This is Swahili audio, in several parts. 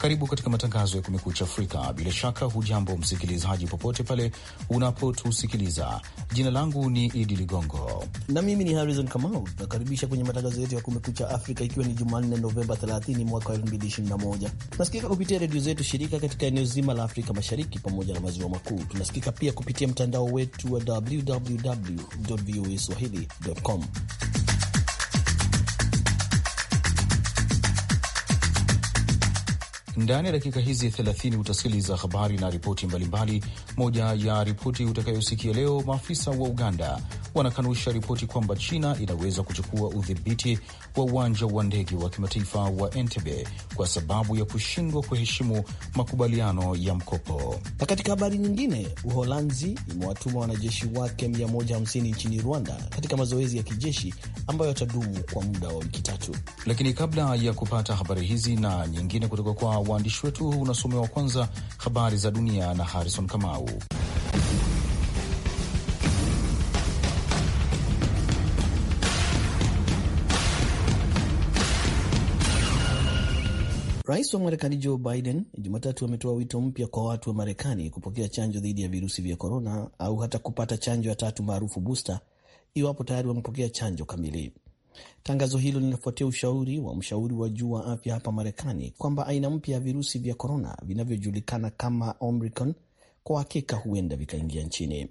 Karibu katika matangazo ya Kumekucha Afrika. Bila shaka, hujambo msikilizaji, popote pale unapotusikiliza. Jina langu ni Idi Ligongo na mimi ni Harrison Kamau. Tunakaribisha kwenye matangazo yetu ya Kumekucha Afrika, ikiwa ni Jumanne Novemba 30 mwaka 2021. Tunasikika kupitia redio zetu shirika katika eneo zima la Afrika Mashariki pamoja na maziwa makuu. Tunasikika pia kupitia mtandao wetu wa www voa swahili com Ndani ya dakika hizi 30 utasikiliza habari na ripoti mbalimbali. Moja ya ripoti utakayosikia leo, maafisa wa Uganda wanakanusha ripoti kwamba China inaweza kuchukua udhibiti wa uwanja wa ndege wa kimataifa wa Entebbe kwa sababu ya kushindwa kuheshimu makubaliano ya mkopo. Na katika habari nyingine, Uholanzi imewatuma wanajeshi wake 150 nchini Rwanda katika mazoezi ya kijeshi ambayo yatadumu kwa muda wa wiki tatu. Lakini kabla ya kupata habari hizi na nyingine kutoka kwa waandishi wetu, unasomewa kwanza habari za dunia na Harrison Kamau. Rais wa Marekani Joe Biden Jumatatu ametoa wito mpya kwa watu wa Marekani kupokea chanjo dhidi ya virusi vya korona au hata kupata chanjo ya tatu maarufu busta, iwapo tayari wamepokea chanjo kamili. Tangazo hilo linafuatia ushauri wa mshauri wa juu wa afya hapa Marekani kwamba aina mpya ya virusi vya korona vinavyojulikana kama Omicron kwa hakika huenda vikaingia nchini.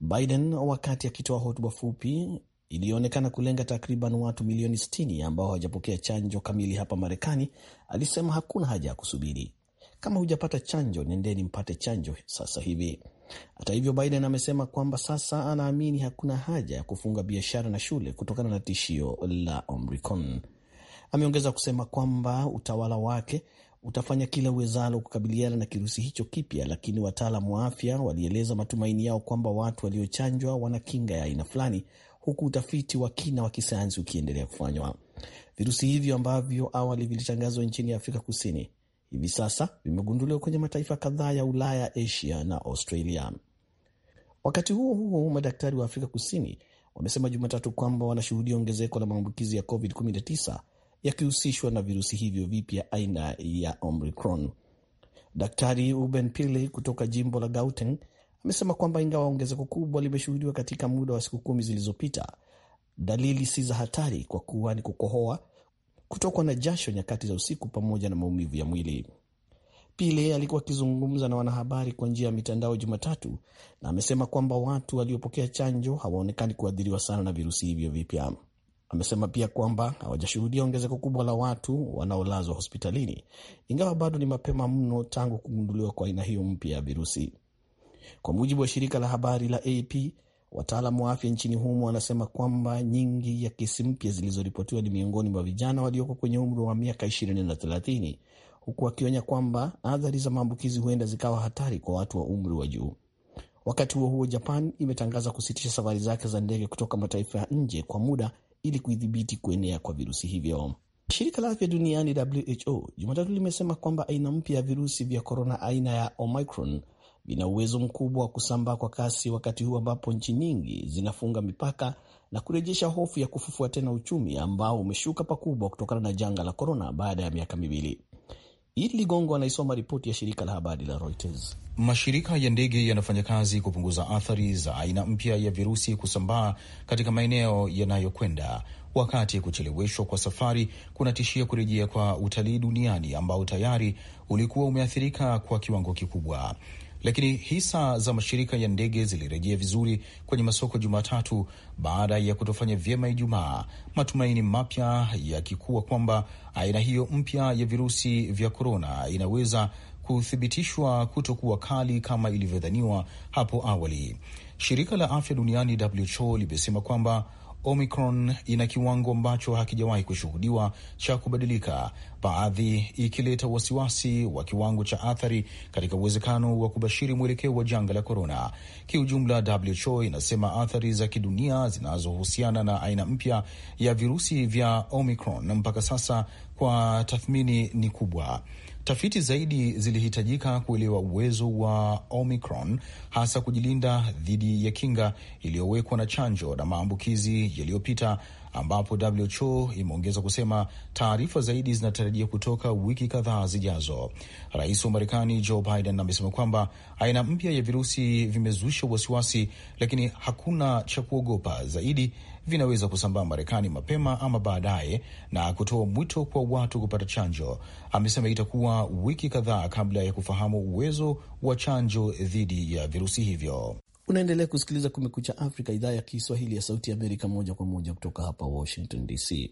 Biden wakati akitoa hotuba fupi iliyoonekana kulenga takriban watu milioni 60 ambao hawajapokea chanjo kamili hapa Marekani, alisema hakuna haja ya kusubiri. Kama hujapata chanjo, nendeni mpate chanjo sasa hivi. Hata hivyo, Biden amesema kwamba sasa anaamini hakuna haja ya kufunga biashara na shule kutokana na tishio la Omicron. Ameongeza kusema kwamba utawala wake utafanya kila uwezalo kukabiliana na kirusi hicho kipya, lakini wataalam wa afya walieleza matumaini yao kwamba watu waliochanjwa wana kinga ya aina fulani huku utafiti wa kina wa kisayansi ukiendelea kufanywa. Virusi hivyo ambavyo awali vilitangazwa nchini Afrika Kusini hivi sasa vimegunduliwa kwenye mataifa kadhaa ya Ulaya, Asia na Australia. Wakati huo huo, madaktari wa Afrika Kusini wamesema Jumatatu kwamba wanashuhudia ongezeko la maambukizi ya COVID-19 yakihusishwa na virusi hivyo vipya aina ya Omicron. Daktari uben Pile kutoka jimbo la Gauteng amesema kwamba ingawa ongezeko kubwa limeshuhudiwa katika muda wa siku kumi zilizopita, dalili si za hatari kwa kuwa ni kukohoa, kutokwa na jasho nyakati za usiku, pamoja na maumivu ya mwili. Pile alikuwa akizungumza na wanahabari kwa njia ya mitandao Jumatatu na amesema kwamba watu waliopokea chanjo hawaonekani kuathiriwa sana na virusi hivyo vipya. Amesema pia kwamba hawajashuhudia ongezeko kubwa la watu wanaolazwa hospitalini, ingawa bado ni mapema mno tangu kugunduliwa kwa aina hiyo mpya ya virusi. Kwa mujibu wa shirika la habari la AP, wataalamu wa afya nchini humo wanasema kwamba nyingi ya kesi mpya zilizoripotiwa ni miongoni mwa vijana walioko kwenye umri wa miaka 20 na 30, huku wakionya kwamba athari za maambukizi huenda zikawa hatari kwa watu wa umri wa juu. Wakati huo huo, Japan imetangaza kusitisha safari zake za ndege kutoka mataifa ya nje kwa muda ili kuidhibiti kuenea kwa virusi hivyo. Shirika la afya duniani WHO Jumatatu limesema kwamba aina mpya ya virusi vya korona aina ya Omicron vina uwezo mkubwa wa kusambaa kwa kasi wakati huu ambapo nchi nyingi zinafunga mipaka na kurejesha hofu ya kufufua tena uchumi ambao umeshuka pakubwa kutokana na janga la korona baada ya miaka miwili. Idi Ligongo anaisoma ripoti ya shirika la habari la Reuters. Mashirika ya ndege yanafanya kazi kupunguza athari za aina mpya ya virusi kusambaa katika maeneo yanayokwenda, wakati kucheleweshwa kwa safari kunatishia kurejea kwa utalii duniani ambao tayari ulikuwa umeathirika kwa kiwango kikubwa lakini hisa za mashirika ya ndege zilirejea vizuri kwenye masoko Jumatatu baada ya kutofanya vyema Ijumaa, matumaini mapya yakikuwa kwamba aina hiyo mpya ya virusi vya korona inaweza kuthibitishwa kutokuwa kali kama ilivyodhaniwa hapo awali. Shirika la afya duniani WHO limesema kwamba Omicron ina kiwango ambacho hakijawahi kushuhudiwa cha kubadilika, baadhi ikileta wasiwasi wa kiwango cha athari katika uwezekano wa kubashiri mwelekeo wa janga la korona. Kiujumla, WHO inasema athari za kidunia zinazohusiana na aina mpya ya virusi vya Omicron mpaka sasa kwa tathmini ni kubwa. Tafiti zaidi zilihitajika kuelewa uwezo wa Omicron, hasa kujilinda dhidi ya kinga iliyowekwa na chanjo na maambukizi yaliyopita, ambapo WHO imeongeza kusema taarifa zaidi zinatarajia kutoka wiki kadhaa zijazo. Rais wa Marekani Joe Biden amesema kwamba aina mpya ya virusi vimezusha wasiwasi, lakini hakuna cha kuogopa zaidi vinaweza kusambaa Marekani mapema ama baadaye, na kutoa mwito kwa watu kupata chanjo. Amesema itakuwa wiki kadhaa kabla ya kufahamu uwezo wa chanjo dhidi ya virusi hivyo. Unaendelea kusikiliza Kumekucha Afrika, idhaa ya Kiswahili ya Sauti ya Amerika, moja kwa moja kutoka hapa Washington DC.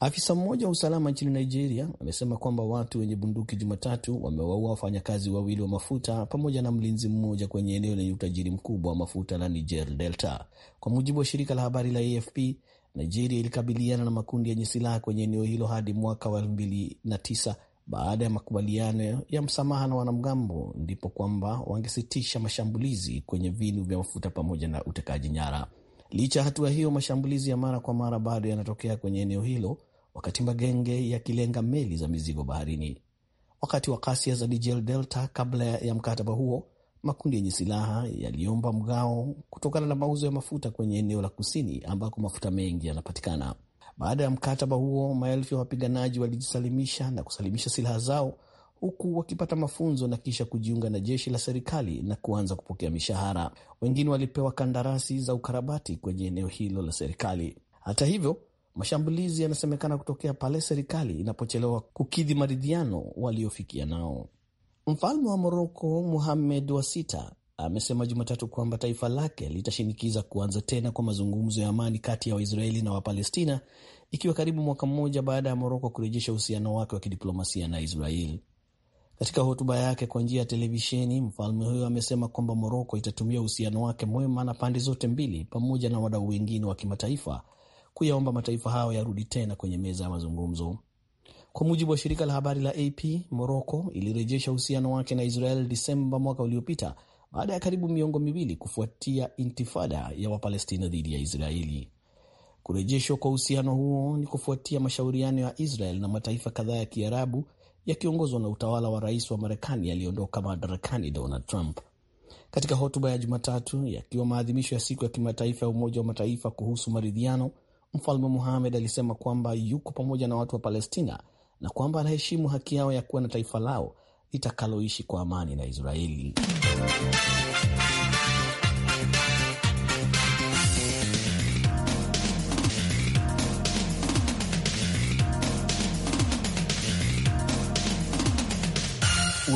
Afisa mmoja wa usalama nchini Nigeria amesema kwamba watu wenye bunduki Jumatatu wamewaua wafanyakazi wawili wa mafuta pamoja na mlinzi mmoja kwenye eneo lenye utajiri mkubwa wa mafuta la Niger Delta. Kwa mujibu wa shirika la habari la AFP, Nigeria ilikabiliana na makundi yenye silaha kwenye eneo hilo hadi mwaka wa 2009 baada ya makubaliano ya msamaha na wanamgambo, ndipo kwamba wangesitisha mashambulizi kwenye vinu vya mafuta pamoja na utekaji nyara. Licha ya hatua hiyo, mashambulizi ya mara kwa mara bado yanatokea kwenye eneo hilo, wakati magenge yakilenga meli za mizigo baharini. Wakati wa ghasia za Niger Delta kabla ya mkataba huo, makundi yenye silaha yaliomba mgao kutokana na mauzo ya mafuta kwenye eneo la kusini ambako mafuta mengi yanapatikana. Baada ya mkataba huo, maelfu ya wapiganaji walijisalimisha na kusalimisha silaha zao huku wakipata mafunzo na kisha kujiunga na jeshi la serikali na kuanza kupokea mishahara. Wengine walipewa kandarasi za ukarabati kwenye eneo hilo la serikali. Hata hivyo, mashambulizi yanasemekana kutokea pale serikali inapochelewa kukidhi maridhiano waliofikia nao. Mfalme wa Moroko Muhamed wa Sita amesema Jumatatu kwamba taifa lake litashinikiza kuanza tena kwa mazungumzo ya amani kati ya Waisraeli na Wapalestina, ikiwa karibu mwaka mmoja baada ya Moroko kurejesha uhusiano wake wa kidiplomasia na Israeli. Katika hotuba yake kwa njia ya televisheni, mfalme huyo amesema kwamba Moroko itatumia uhusiano wake mwema na pande zote mbili pamoja na wadau wengine wa kimataifa kuyaomba mataifa hayo yarudi tena kwenye meza ya mazungumzo. Kwa mujibu wa shirika la habari la AP, Moroko ilirejesha uhusiano wake na Israel Desemba mwaka uliopita baada ya karibu miongo miwili kufuatia intifada ya Wapalestina dhidi ya Israeli. Kurejeshwa kwa uhusiano huo ni kufuatia mashauriano ya Israel na mataifa kadhaa ya Kiarabu yakiongozwa na utawala wa rais wa Marekani aliyeondoka madarakani Donald Trump. Katika hotuba ya Jumatatu, yakiwa maadhimisho ya siku ya kimataifa ya Umoja wa Mataifa kuhusu maridhiano, Mfalme Mohamed alisema kwamba yuko pamoja na watu wa Palestina na kwamba anaheshimu haki yao ya kuwa na taifa lao litakaloishi kwa amani na Israeli.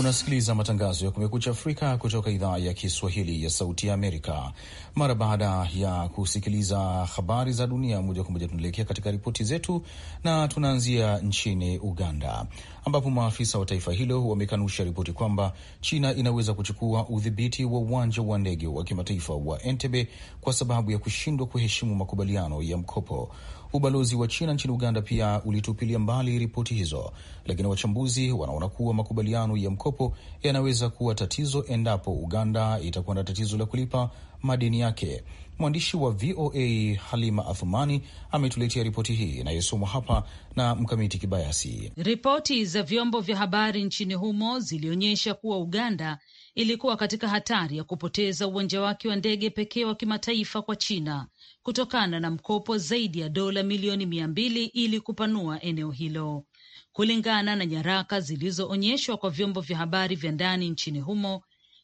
Unasikiliza matangazo ya Kumekucha Afrika kutoka idhaa ya Kiswahili ya Sauti ya Amerika. Mara baada ya kusikiliza habari za dunia moja kwa moja, tunaelekea katika ripoti zetu na tunaanzia nchini Uganda, ambapo maafisa wa taifa hilo wamekanusha ripoti kwamba China inaweza kuchukua udhibiti wa uwanja wa ndege wa kimataifa wa Entebbe kwa sababu ya kushindwa kuheshimu makubaliano ya mkopo. Ubalozi wa China nchini Uganda pia ulitupilia mbali ripoti hizo, lakini wachambuzi wanaona kuwa makubaliano ya mkopo yanaweza kuwa tatizo endapo Uganda itakuwa na tatizo la kulipa madeni yake. Mwandishi wa VOA Halima Athumani ametuletea ripoti hii inayosomwa hapa na Mkamiti Kibayasi. Ripoti za vyombo vya habari nchini humo zilionyesha kuwa Uganda ilikuwa katika hatari ya kupoteza uwanja wake wa ndege pekee wa kimataifa kwa China kutokana na mkopo zaidi ya dola milioni mia mbili ili kupanua eneo hilo. Kulingana na nyaraka zilizoonyeshwa kwa vyombo vya habari vya ndani nchini humo,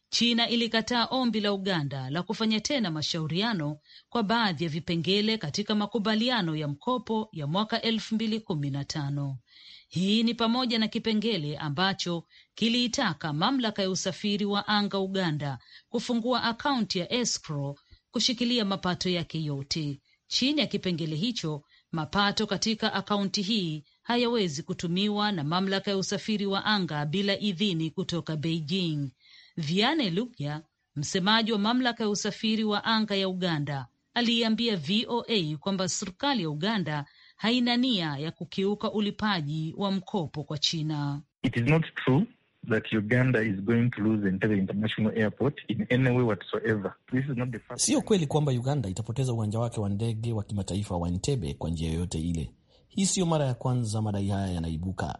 China ilikataa ombi la Uganda la kufanya tena mashauriano kwa baadhi ya vipengele katika makubaliano ya mkopo ya mwaka elfu mbili kumi na tano. Hii ni pamoja na kipengele ambacho kiliitaka mamlaka ya usafiri wa anga Uganda kufungua akaunti ya escrow kushikilia mapato yake yote. Chini ya kipengele hicho, mapato katika akaunti hii hayawezi kutumiwa na mamlaka ya usafiri wa anga bila idhini kutoka Beijing. Viane lugya msemaji wa mamlaka ya usafiri wa anga ya Uganda, aliiambia VOA kwamba serikali ya Uganda haina nia ya kukiuka ulipaji wa mkopo kwa China. It is not true. Sio kweli kwamba Uganda itapoteza uwanja wake wa ndege wa kimataifa wa Entebbe kwa njia yoyote ile. Hii siyo mara ya kwanza madai haya yanaibuka.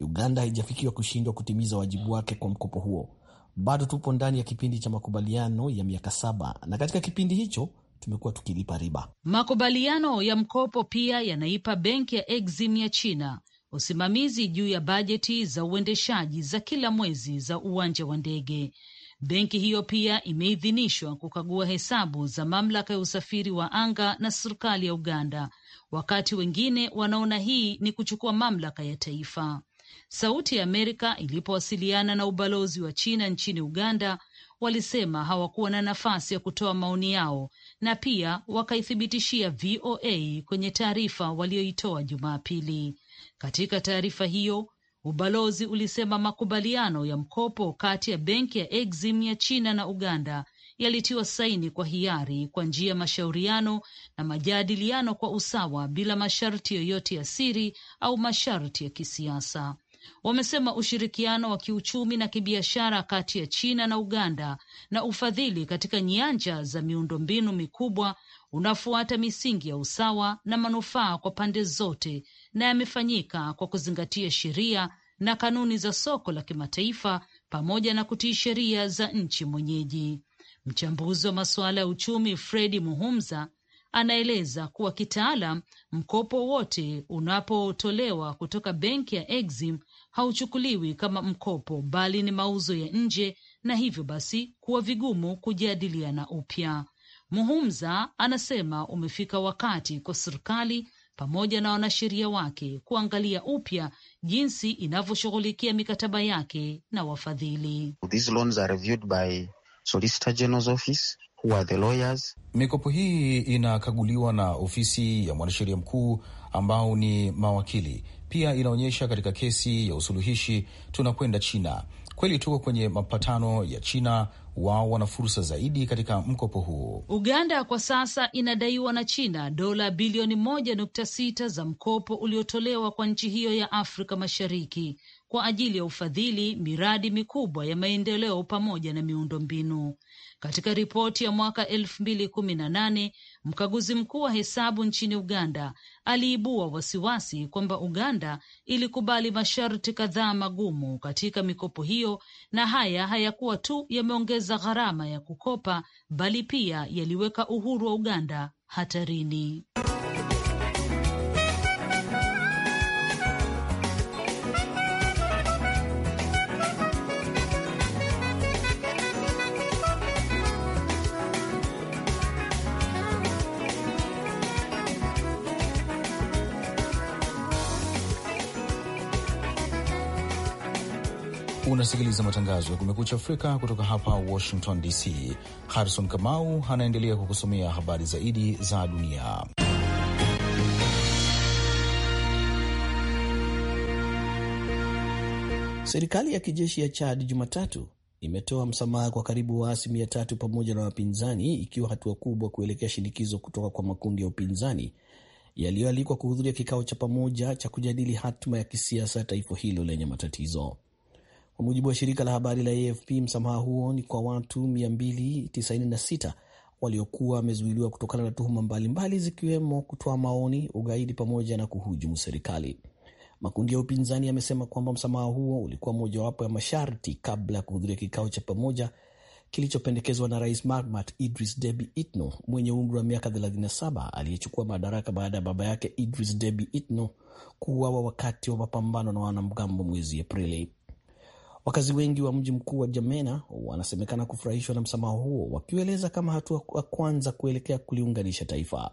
Uganda haijafikiwa kushindwa kutimiza wajibu wake kwa mkopo huo. Bado tupo ndani ya kipindi cha makubaliano ya miaka saba, na katika kipindi hicho tumekuwa tukilipa riba. Makubaliano ya mkopo pia yanaipa benki ya Exim ya China usimamizi juu ya bajeti za uendeshaji za kila mwezi za uwanja wa ndege. Benki hiyo pia imeidhinishwa kukagua hesabu za mamlaka ya usafiri wa anga na serikali ya Uganda, wakati wengine wanaona hii ni kuchukua mamlaka ya taifa. Sauti ya Amerika ilipowasiliana na ubalozi wa China nchini Uganda, walisema hawakuwa na nafasi ya kutoa maoni yao na pia wakaithibitishia VOA kwenye taarifa walioitoa Jumapili. Katika taarifa hiyo, ubalozi ulisema makubaliano ya mkopo kati ya benki ya Exim ya China na Uganda yalitiwa saini kwa hiari kwa njia ya mashauriano na majadiliano kwa usawa bila masharti yoyote ya siri au masharti ya kisiasa wamesema ushirikiano wa kiuchumi na kibiashara kati ya China na Uganda na ufadhili katika nyanja za miundombinu mikubwa unafuata misingi ya usawa na manufaa kwa pande zote na yamefanyika kwa kuzingatia sheria na kanuni za soko la kimataifa pamoja na kutii sheria za nchi mwenyeji. Mchambuzi wa masuala ya uchumi Fredi Muhumza anaeleza kuwa kitaalam, mkopo wote unapotolewa kutoka benki ya Exim hauchukuliwi kama mkopo bali ni mauzo ya nje na hivyo basi kuwa vigumu kujadiliana upya. Muhumza anasema umefika wakati kwa serikali pamoja na wanasheria wake kuangalia upya jinsi inavyoshughulikia mikataba yake na wafadhili. Mikopo hii inakaguliwa na ofisi ya mwanasheria mkuu ambao ni mawakili pia inaonyesha katika kesi ya usuluhishi tunakwenda China. Kweli tuko kwenye mapatano ya China, wao wana fursa zaidi katika mkopo huo. Uganda kwa sasa inadaiwa na China dola bilioni moja nukta sita za mkopo uliotolewa kwa nchi hiyo ya Afrika Mashariki kwa ajili ya ufadhili miradi mikubwa ya maendeleo pamoja na miundombinu. Katika ripoti ya mwaka elfu mbili kumi na nane mkaguzi mkuu wa hesabu nchini Uganda aliibua wasiwasi kwamba Uganda ilikubali masharti kadhaa magumu katika mikopo hiyo, na haya hayakuwa tu yameongeza gharama ya kukopa, bali pia yaliweka uhuru wa Uganda hatarini. Unasikiliza matangazo ya Kumekucha Afrika kutoka hapa Washington DC. Harrison Kamau anaendelea kukusomea habari zaidi za dunia. Serikali ya kijeshi ya Chad Jumatatu imetoa msamaha kwa karibu waasi mia tatu pamoja na wapinzani, ikiwa hatua kubwa kuelekea shinikizo kutoka kwa makundi ya upinzani yaliyoalikwa kuhudhuria kikao cha pamoja cha kujadili hatima ya kisiasa taifa hilo lenye matatizo. Kwa mujibu wa shirika la habari la AFP, msamaha huo ni kwa watu 296 waliokuwa wamezuiliwa kutokana na tuhuma mbalimbali zikiwemo kutoa maoni, ugaidi pamoja na kuhujumu serikali. Makundi ya upinzani yamesema kwamba msamaha huo ulikuwa mojawapo ya masharti kabla ya kuhudhuria kikao cha pamoja kilichopendekezwa na Rais Mahamat Idris Deby Itno mwenye umri wa miaka 37 aliyechukua madaraka baada ya baba yake Idris Deby Itno kuuawa wakati wa mapambano na wanamgambo mwezi Aprili. Wakazi wengi wa mji mkuu wa Jamena wanasemekana kufurahishwa na msamaha huo, wakiueleza kama hatua ya kwanza kuelekea kuliunganisha taifa.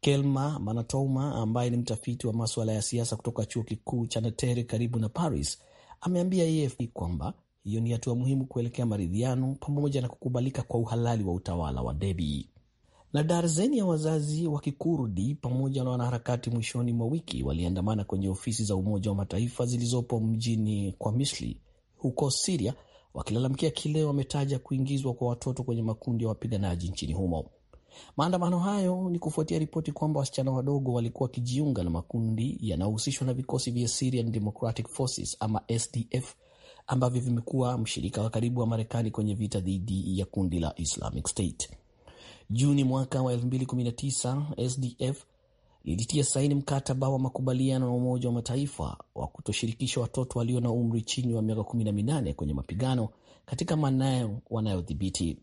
Kelma Manatouma ambaye ni mtafiti wa maswala ya siasa kutoka chuo kikuu cha Nateri karibu na Paris ameambia AFP kwamba hiyo ni hatua muhimu kuelekea maridhiano pamoja na kukubalika kwa uhalali wa utawala wa Deby. Na darzeni ya wazazi wa Kikurdi pamoja na wanaharakati mwishoni mwa wiki waliandamana kwenye ofisi za Umoja wa Mataifa zilizopo mjini kwa Misri huko Siria wakilalamikia kile wametaja kuingizwa kwa watoto kwenye makundi ya wapiganaji nchini humo. Maandamano hayo ni kufuatia ripoti kwamba wasichana wadogo walikuwa wakijiunga na makundi yanayohusishwa na vikosi vya Syrian Democratic Forces ama SDF ambavyo vimekuwa mshirika wa karibu wa Marekani kwenye vita dhidi ya kundi la Islamic State. Juni mwaka wa 2019 SDF lilitia saini mkataba wa makubaliano na Umoja wa Mataifa wa kutoshirikisha watoto walio na umri chini wa miaka 18 kwenye mapigano katika maeneo wanayodhibiti.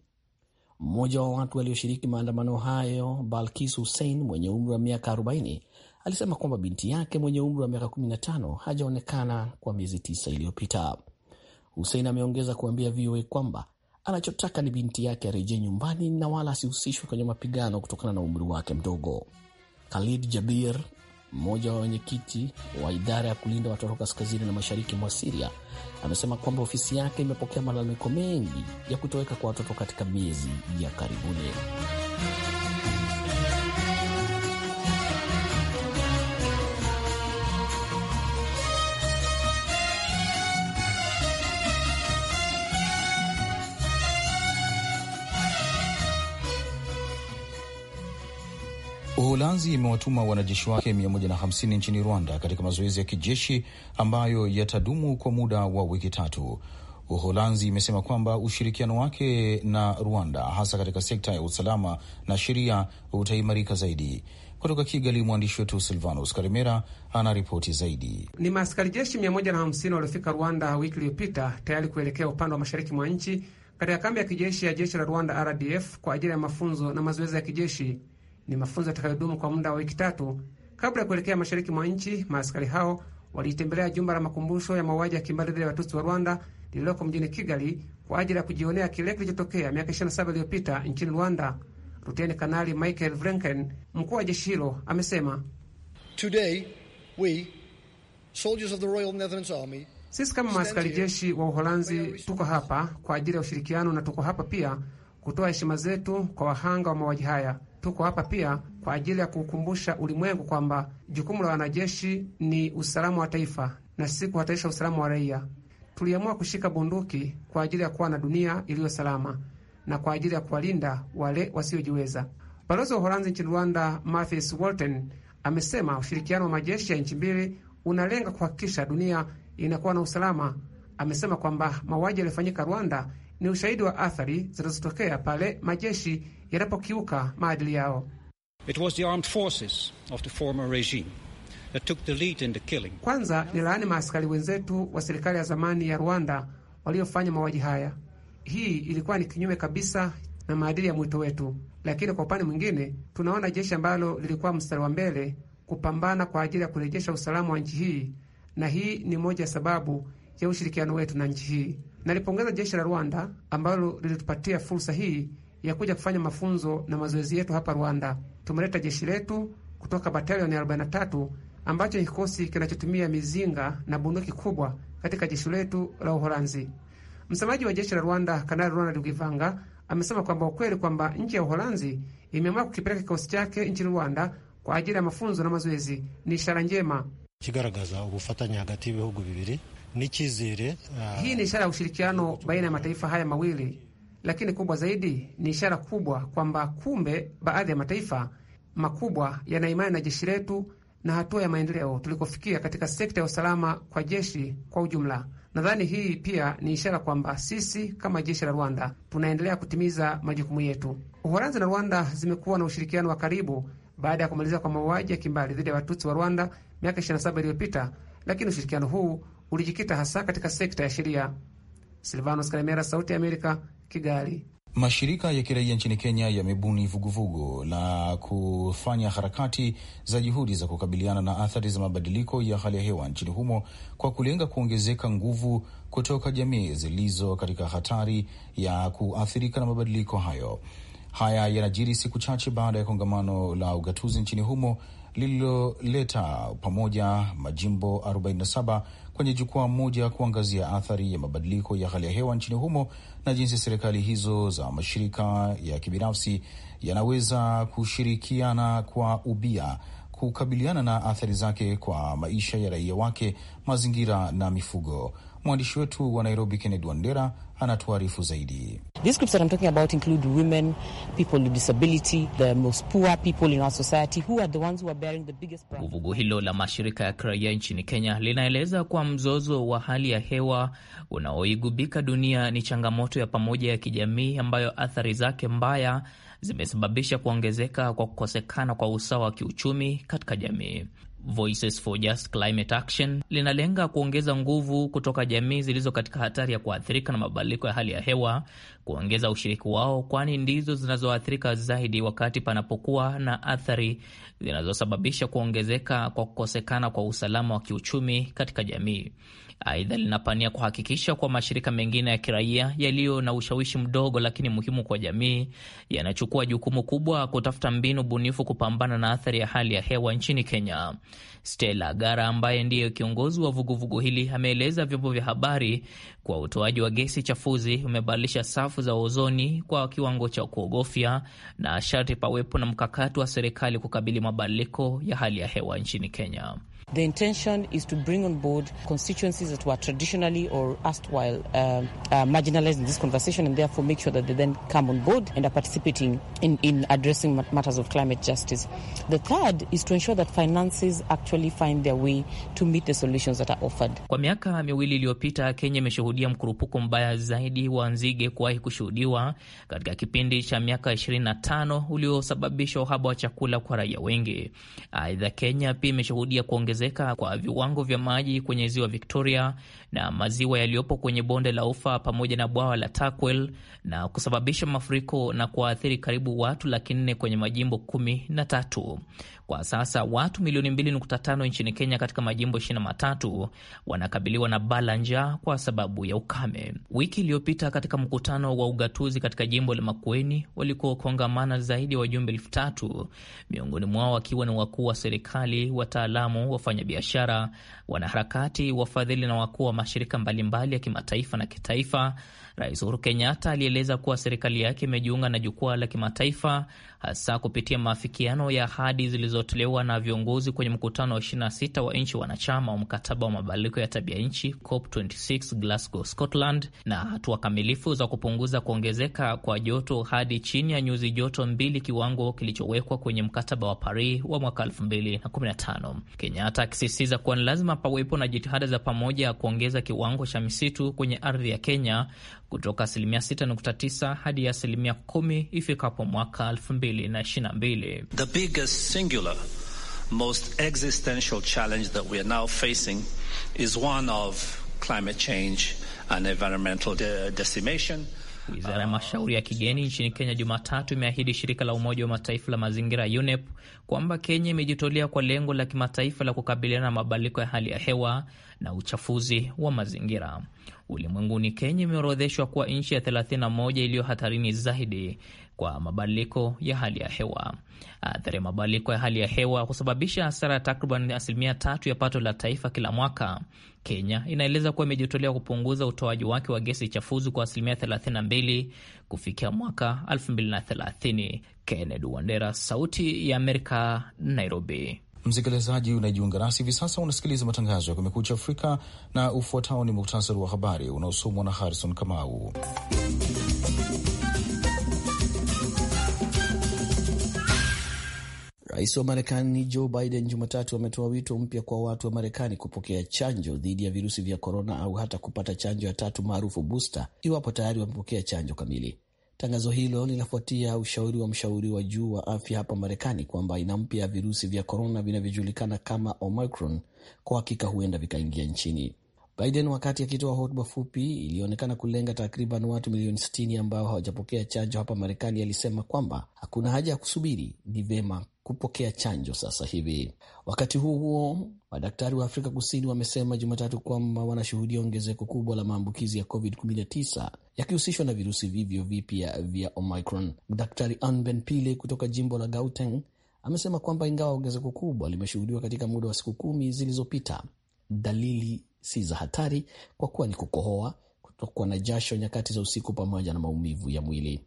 Mmoja wa watu walioshiriki maandamano hayo, Balkis Hussein mwenye umri wa miaka 40, alisema kwamba binti yake mwenye umri wa miaka 15 hajaonekana kwa miezi tisa iliyopita. Hussein ameongeza kuambia VOA kwamba anachotaka ni binti yake arejee nyumbani na wala asihusishwe kwenye mapigano kutokana na umri wake mdogo. Khalid Jabir, mmoja wa wenyekiti wa idara ya kulinda watoto kaskazini na mashariki mwa Siria, amesema kwamba ofisi yake imepokea malalamiko mengi ya kutoweka kwa watoto katika miezi ya karibuni. Uholanzi imewatuma wanajeshi wake 150 nchini Rwanda katika mazoezi ya kijeshi ambayo yatadumu kwa muda wa wiki tatu. Uholanzi imesema kwamba ushirikiano wake na Rwanda hasa katika sekta ya usalama na sheria utaimarika zaidi. Kutoka Kigali, mwandishi wetu Silvanus Karimera ana ripoti zaidi. Ni maaskari jeshi 150 waliofika Rwanda wiki iliyopita tayari kuelekea upande wa mashariki mwa nchi katika kambi ya kijeshi ya jeshi la Rwanda, RDF, kwa ajili ya mafunzo na mazoezi ya kijeshi. Ni mafunzo yatakayodumu kwa muda wa wiki tatu. Kabla ya kuelekea mashariki mwa nchi, maaskari hao waliitembelea jumba la makumbusho ya mauaji ya kimbari dhidi ya Watusi wa Rwanda lililoko mjini Kigali kwa ajili ya kujionea kile kilichotokea miaka 27 iliyopita nchini Rwanda. Luteni Kanali Michael Vrenken, mkuu wa jeshi hilo, amesema Today, we, soldiers of the Royal Netherlands Army, sisi kama maaskari jeshi wa Uholanzi tuko hapa kwa ajili ya ushirikiano na tuko hapa pia kutoa heshima zetu kwa wahanga wa mauaji haya. Tuko hapa pia kwa ajili ya kukumbusha ulimwengu kwamba jukumu la wanajeshi ni usalama wa taifa na si kuhatarisha usalama wa raia. Tuliamua kushika bunduki kwa ajili ya kuwa na dunia iliyo salama na kwa ajili ya kuwalinda wale wasiojiweza. Balozi wa Uholanzi nchini Rwanda, Mathis Walton, amesema ushirikiano wa majeshi ya nchi mbili unalenga kuhakikisha dunia inakuwa na usalama. Amesema kwamba mauaji yaliyofanyika Rwanda ni ushahidi wa athari zinazotokea pale majeshi yanapokiuka maadili yao. Kwanza ni laani maaskari wenzetu wa serikali ya zamani ya Rwanda waliofanya mauaji haya. Hii ilikuwa ni kinyume kabisa na maadili ya mwito wetu, lakini kwa upande mwingine tunaona jeshi ambalo lilikuwa mstari wa mbele kupambana kwa ajili ya kurejesha usalama wa nchi hii, na hii ni moja ya sababu ya ushirikiano wetu na nchi hii. Nalipongeza jeshi la Rwanda ambalo lilitupatia fursa hii ya kuja kufanya mafunzo na mazoezi yetu hapa Rwanda. Tumeleta jeshi letu kutoka batalioni 43 ambacho ni kikosi kinachotumia mizinga na bunduki kubwa katika jeshi letu la Uholanzi. Msemaji wa jeshi la Rwanda Kanali Ronald Rugivanga amesema kwamba ukweli kwamba nchi ya Uholanzi imeamua kukipeleka kikosi chake nchini Rwanda kwa ajili ya mafunzo na mazoezi ni ishara njema kigaragaza ubufatanyi hagati y'ibihugu bibiri ni uh, Hii ni ishara ya ushirikiano baina ya mataifa haya mawili, lakini kubwa zaidi ni ishara kubwa kwamba kumbe baadhi ya mataifa makubwa yana imani na jeshi letu na hatua ya maendeleo tulikofikia katika sekta ya usalama kwa jeshi kwa ujumla. Nadhani hii pia ni ishara kwamba sisi kama jeshi la Rwanda tunaendelea kutimiza majukumu yetu. Uholanzi na Rwanda zimekuwa na ushirikiano wa karibu baada ya kumaliza kwa mauaji ya kimbali dhidi ya Watutsi wa Rwanda miaka 27 iliyopita, lakini ushirikiano huu ulijikita hasa katika sekta ya sheria. Silvanos Kalemera, Sauti ya Amerika, Kigali. Mashirika ya kiraia nchini Kenya yamebuni vuguvugu la kufanya harakati za juhudi za kukabiliana na athari za mabadiliko ya hali ya hewa nchini humo kwa kulenga kuongezeka nguvu kutoka jamii zilizo katika hatari ya kuathirika na mabadiliko hayo. Haya yanajiri siku chache baada ya kongamano la ugatuzi nchini humo lililoleta pamoja majimbo 47 kwenye jukwaa moja kuangazia athari ya mabadiliko ya hali ya hewa nchini humo na jinsi serikali hizo za mashirika ya kibinafsi yanaweza kushirikiana kwa ubia kukabiliana na athari zake kwa maisha ya raia wake, mazingira na mifugo. Mwandishi wetu wa Nairobi, Kennedy Wandera, anatuarifu zaidi. Vuguvugu hilo la mashirika ya kiraia nchini Kenya linaeleza kuwa mzozo wa hali ya hewa unaoigubika dunia ni changamoto ya pamoja ya kijamii ambayo athari zake mbaya zimesababisha kuongezeka kwa kukosekana kwa usawa wa kiuchumi katika jamii. Voices for Just Climate Action linalenga kuongeza nguvu kutoka jamii zilizo katika hatari ya kuathirika na mabadiliko ya hali ya hewa kuongeza ushiriki wao, kwani ndizo zinazoathirika zaidi wakati panapokuwa na athari zinazosababisha kuongezeka kwa kukosekana kwa usalama wa kiuchumi katika jamii. Aidha, linapania kuhakikisha kuwa mashirika mengine ya kiraia yaliyo na ushawishi mdogo lakini muhimu kwa jamii yanachukua jukumu kubwa kutafuta mbinu bunifu kupambana na athari ya hali ya hewa nchini Kenya. Stella Gara ambaye ndiye kiongozi wa vuguvugu vugu hili ameeleza vyombo vya habari kwa utoaji wa gesi chafuzi umebadilisha safu za ozoni kwa kiwango cha kuogofya na sharti pawepo na mkakati wa serikali kukabili mabadiliko ya hali ya hewa nchini Kenya. The intention is to bring on board constituencies that were traditionally or erstwhile uh, uh, marginalized in this conversation and therefore make sure that they then come on board and are participating in, in addressing matters of climate justice. The third is to ensure that finances actually find their way to meet the solutions that are offered. Kwa miaka miwili iliyopita, Kenya imeshuhudia mkurupuko mbaya zaidi wa nzige kuwahi kushuhudiwa katika kipindi cha miaka 25 uliosababisha uhaba wa chakula kwa raia wengi. Aidha, Kenya pia imeshuhudia kuongeza kuongezeka kwa viwango vya maji kwenye ziwa Victoria na maziwa yaliyopo kwenye bonde la Ufa pamoja na bwawa la Turkwell na kusababisha mafuriko na kuwaathiri karibu watu laki nne kwenye majimbo kumi na tatu. Kwa sasa watu milioni 2.5 nchini Kenya katika majimbo 23 wanakabiliwa na baa la njaa kwa sababu ya ukame. Wiki iliyopita katika mkutano wa ugatuzi katika jimbo la Makueni walikuwa kongamana zaidi ya wajumbe elfu tatu miongoni mwao wakiwa ni wakuu wa serikali, wataalamu wa wafanyabiashara, wanaharakati, wafadhili na wakuu wa mashirika mbalimbali ya kimataifa na kitaifa, Rais Uhuru Kenyatta alieleza kuwa serikali yake imejiunga na jukwaa la kimataifa hasa kupitia maafikiano ya ahadi zilizotolewa na viongozi kwenye mkutano wa 26 wa nchi wanachama wa mkataba wa mabadiliko ya tabia nchi COP26 Glasgow, Scotland, na hatua kamilifu za kupunguza kuongezeka kwa joto hadi chini ya nyuzi joto mbili, kiwango kilichowekwa kwenye mkataba wa Paris wa mwaka 2015. Kenyatta akisisitiza kuwa ni lazima pawepo na jitihada za pamoja ya kuongeza kiwango cha misitu kwenye ardhi ya Kenya kutoka asilimia 6.9 hadi asilimia 10 ifikapo mwaka 2030. The biggest singular most existential challenge that we are now facing is one of climate change and environmental decimation. Wizara ya mashauri ya kigeni nchini Kenya Jumatatu imeahidi shirika la Umoja wa Mataifa la mazingira UNEP kwamba Kenya imejitolea kwa lengo la kimataifa la kukabiliana na mabadiliko ya hali ya hewa na uchafuzi wa mazingira. Ulimwenguni, Kenya imeorodheshwa kuwa nchi ya 31 iliyo hatarini zaidi kwa mabadiliko ya hali ya hewa. Athari ya mabadiliko ya hali ya hewa husababisha hasara ya takriban asilimia tatu ya pato la taifa kila mwaka. Kenya inaeleza kuwa imejitolea kupunguza utoaji wake wa gesi chafuzi kwa asilimia 32 kufikia mwaka 2030. Kennedy Wandera, Sauti ya Amerika, Nairobi. Msikilizaji unajiunga nasi hivi sasa, unasikiliza matangazo ya Kumekucha Afrika na ufuatao ni muktasari wa habari unaosomwa na Harrison Kamau. Rais wa Marekani Joe Biden Jumatatu ametoa wito mpya kwa watu wa Marekani kupokea chanjo dhidi ya virusi vya korona au hata kupata chanjo ya tatu maarufu booster, iwapo tayari wamepokea chanjo kamili. Tangazo hilo linafuatia ushauri wa mshauri wa juu wa afya hapa Marekani kwamba aina mpya ya virusi vya korona vinavyojulikana kama Omicron kwa hakika huenda vikaingia nchini. Biden wakati akitoa hotuba fupi iliyoonekana kulenga takriban watu milioni 60 ambao hawajapokea chanjo hapa Marekani alisema kwamba hakuna haja ya kusubiri, ni vema kupokea chanjo sasa hivi. Wakati huo huo, madaktari wa Afrika Kusini wamesema Jumatatu kwamba wanashuhudia ongezeko kubwa la maambukizi ya COVID-19 yakihusishwa na virusi vivyo vipya vya Omicron. Daktari Anben Pile kutoka jimbo la Gauteng amesema kwamba ingawa ongezeko kubwa limeshuhudiwa katika muda wa siku kumi zilizopita, dalili si za hatari kwa kuwa ni kukohoa, kutokwa na jasho nyakati za usiku, pamoja na maumivu ya mwili.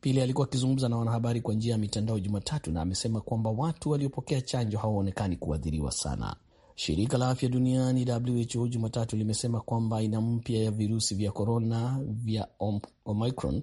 Pili alikuwa akizungumza na wanahabari kwa njia ya mitandao Jumatatu na amesema kwamba watu waliopokea chanjo hawaonekani kuathiriwa sana. Shirika la afya duniani WHO Jumatatu limesema kwamba aina mpya ya virusi vya korona vya Omicron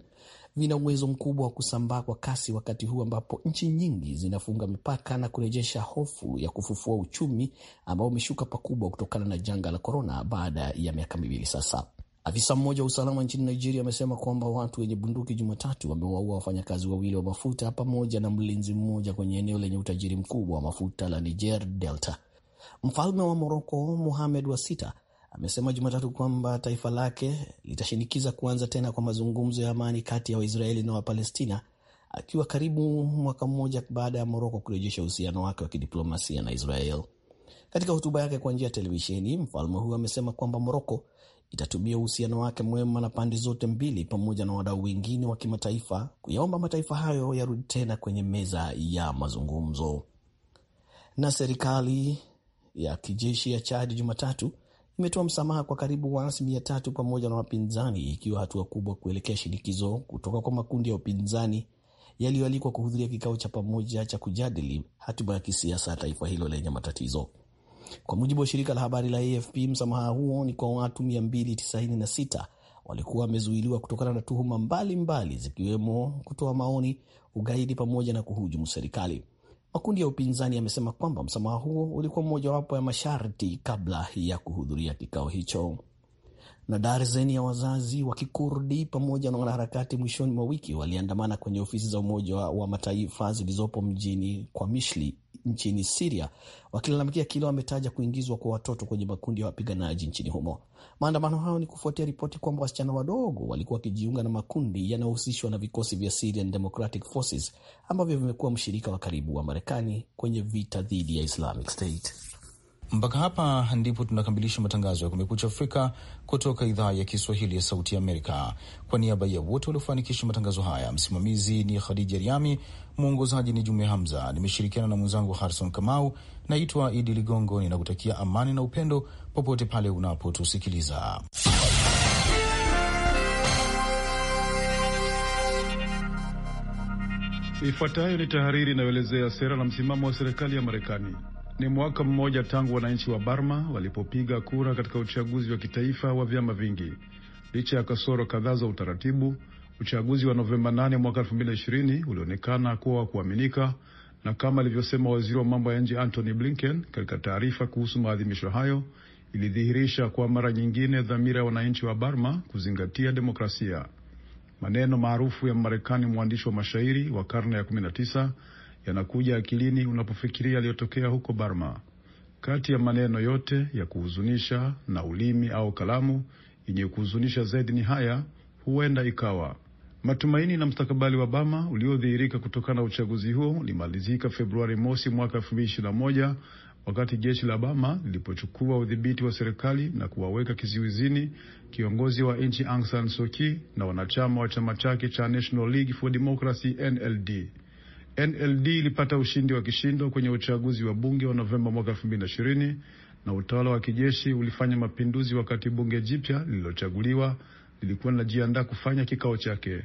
vina uwezo mkubwa wa kusambaa kwa kasi, wakati huu ambapo nchi nyingi zinafunga mipaka na kurejesha hofu ya kufufua uchumi ambao umeshuka pakubwa kutokana na janga la korona baada ya miaka miwili sasa. Afisa mmoja wa usalama nchini Nigeria amesema kwamba watu wenye bunduki Jumatatu wamewaua wafanyakazi wawili wa mafuta pamoja na mlinzi mmoja kwenye eneo lenye utajiri mkubwa wa mafuta la Niger Delta. Mfalme wa Moroko Mohamed wa Sita amesema Jumatatu kwamba taifa lake litashinikiza kuanza tena kwa mazungumzo ya amani kati ya Waisraeli na Wapalestina, akiwa karibu mwaka mmoja baada ya Moroko kurejesha uhusiano wake wa kidiplomasia na Israel. Katika hotuba yake kwa njia ya televisheni, mfalme huyo amesema kwamba Moroko itatumia uhusiano wake mwema na pande zote mbili pamoja na wadau wengine wa kimataifa kuyaomba mataifa hayo yarudi tena kwenye meza ya mazungumzo. Na serikali ya kijeshi ya Chad Jumatatu imetoa msamaha kwa karibu waasi mia tatu pamoja na wapinzani, ikiwa hatua kubwa kuelekea shinikizo kutoka kwa makundi ya upinzani yaliyoalikwa kuhudhuria kikao cha pamoja cha kujadili hatima ya kisiasa ya taifa hilo lenye matatizo. Kwa mujibu wa shirika la habari la AFP, msamaha huo ni kwa watu 296 walikuwa wamezuiliwa kutokana na tuhuma mbalimbali zikiwemo kutoa maoni, ugaidi pamoja na kuhujumu serikali. Makundi ya upinzani yamesema kwamba msamaha huo ulikuwa mmojawapo ya masharti kabla ya kuhudhuria kikao hicho. Na darzeni ya wazazi wa Kikurdi pamoja na wanaharakati mwishoni mwa wiki waliandamana kwenye ofisi za Umoja wa Mataifa zilizopo mjini Mishli, nchini Siria wakilalamikia kile wametaja kuingizwa kwa watoto kwenye makundi ya wapiganaji nchini humo. Maandamano hayo ni kufuatia ripoti kwamba wasichana wadogo walikuwa wakijiunga na makundi yanayohusishwa na vikosi vya Syrian Democratic Forces ambavyo vimekuwa mshirika wa karibu wa Marekani kwenye vita dhidi ya Islamic State. Mpaka hapa ndipo tunakamilisha matangazo ya Kumekucha Afrika kutoka idhaa ya Kiswahili ya Sauti ya Amerika. Kwa niaba ya wote waliofanikisha matangazo haya, msimamizi ni Khadija Riami, mwongozaji ni Jumbe Hamza, nimeshirikiana na mwenzangu Harison Kamau. Naitwa Idi Ligongo, ninakutakia amani na upendo popote pale unapotusikiliza. Ifuatayo ni tahariri inayoelezea sera na msimamo wa serikali ya Marekani. Ni mwaka mmoja tangu wananchi wa Burma walipopiga kura katika uchaguzi wa kitaifa wa vyama vingi. Licha ya kasoro kadhaa za utaratibu, uchaguzi wa Novemba 8 mwaka 2020 ulionekana kuwa wa kuaminika, na kama alivyosema waziri wa mambo ya nje Antony Blinken katika taarifa kuhusu maadhimisho hayo, ilidhihirisha kwa mara nyingine dhamira ya wananchi wa Burma kuzingatia demokrasia. Maneno maarufu ya Marekani, mwandishi wa mashairi wa karne ya 19 yanakuja akilini unapofikiria yaliyotokea huko Burma. Kati ya maneno yote ya kuhuzunisha na ulimi au kalamu yenye kuhuzunisha zaidi ni haya, huenda ikawa matumaini na mstakabali wa Bama uliodhihirika kutokana na uchaguzi huo ulimalizika Februari mosi mwaka elfu moja wakati jeshi la Bama lilipochukua udhibiti wa serikali na kuwaweka kizuizini kiongozi wa nchi Aung San Suu Kyi na wanachama wa chama chake cha National League for Democracy NLD. NLD ilipata ushindi wa kishindo kwenye uchaguzi wa bunge wa Novemba mwaka 2020 na utawala wa kijeshi ulifanya mapinduzi wakati bunge jipya lililochaguliwa lilikuwa linajiandaa kufanya kikao chake.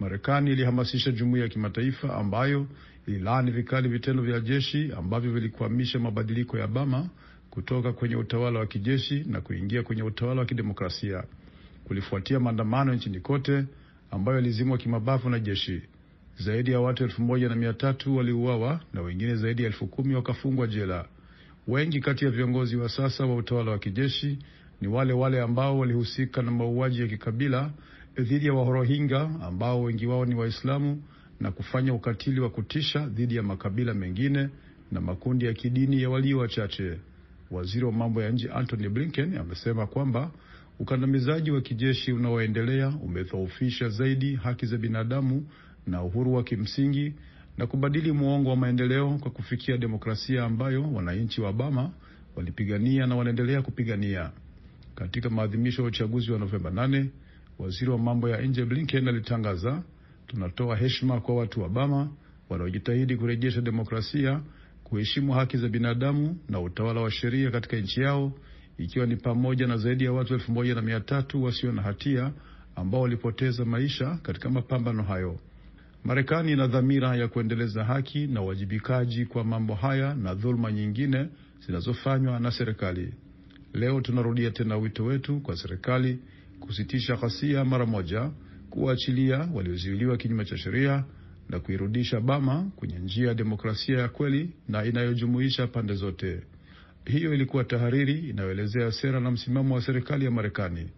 Marekani ilihamasisha jumuiya ya kimataifa ambayo ililaani vikali vitendo vya jeshi ambavyo vilikwamisha mabadiliko ya obama kutoka kwenye utawala wa kijeshi na kuingia kwenye utawala wa kidemokrasia. Kulifuatia maandamano nchini kote ambayo yalizimwa kimabavu na jeshi. Zaidi ya watu elfu moja na mia tatu waliuawa na wengine zaidi ya elfu kumi wakafungwa jela. Wengi kati ya viongozi wa sasa wa utawala wa kijeshi ni wale wale ambao walihusika na mauaji ya kikabila dhidi ya warohinga ambao wengi wao ni Waislamu na kufanya ukatili wa kutisha dhidi ya makabila mengine na makundi ya kidini ya walio wachache. Waziri wa mambo ya nje Antony Blinken amesema kwamba ukandamizaji wa kijeshi unaoendelea umedhoofisha zaidi haki za binadamu na uhuru wa kimsingi na kubadili muongo wa maendeleo kwa kufikia demokrasia ambayo wananchi wa Obama walipigania na wanaendelea kupigania. Katika maadhimisho ya uchaguzi wa Novemba 8, waziri wa mambo ya nje Blinken alitangaza, tunatoa heshima kwa watu wa Obama wanaojitahidi kurejesha demokrasia, kuheshimu haki za binadamu na utawala wa sheria katika nchi yao, ikiwa ni pamoja na zaidi ya watu elfu moja na mia tatu wasio na hatia ambao walipoteza maisha katika mapambano hayo. Marekani ina dhamira ya kuendeleza haki na uwajibikaji kwa mambo haya na dhuluma nyingine zinazofanywa na serikali. Leo tunarudia tena wito wetu kwa serikali kusitisha ghasia mara moja, kuwaachilia waliozuiliwa kinyume cha sheria na kuirudisha Bama kwenye njia ya demokrasia ya kweli na inayojumuisha pande zote. Hiyo ilikuwa tahariri inayoelezea sera na msimamo wa serikali ya Marekani.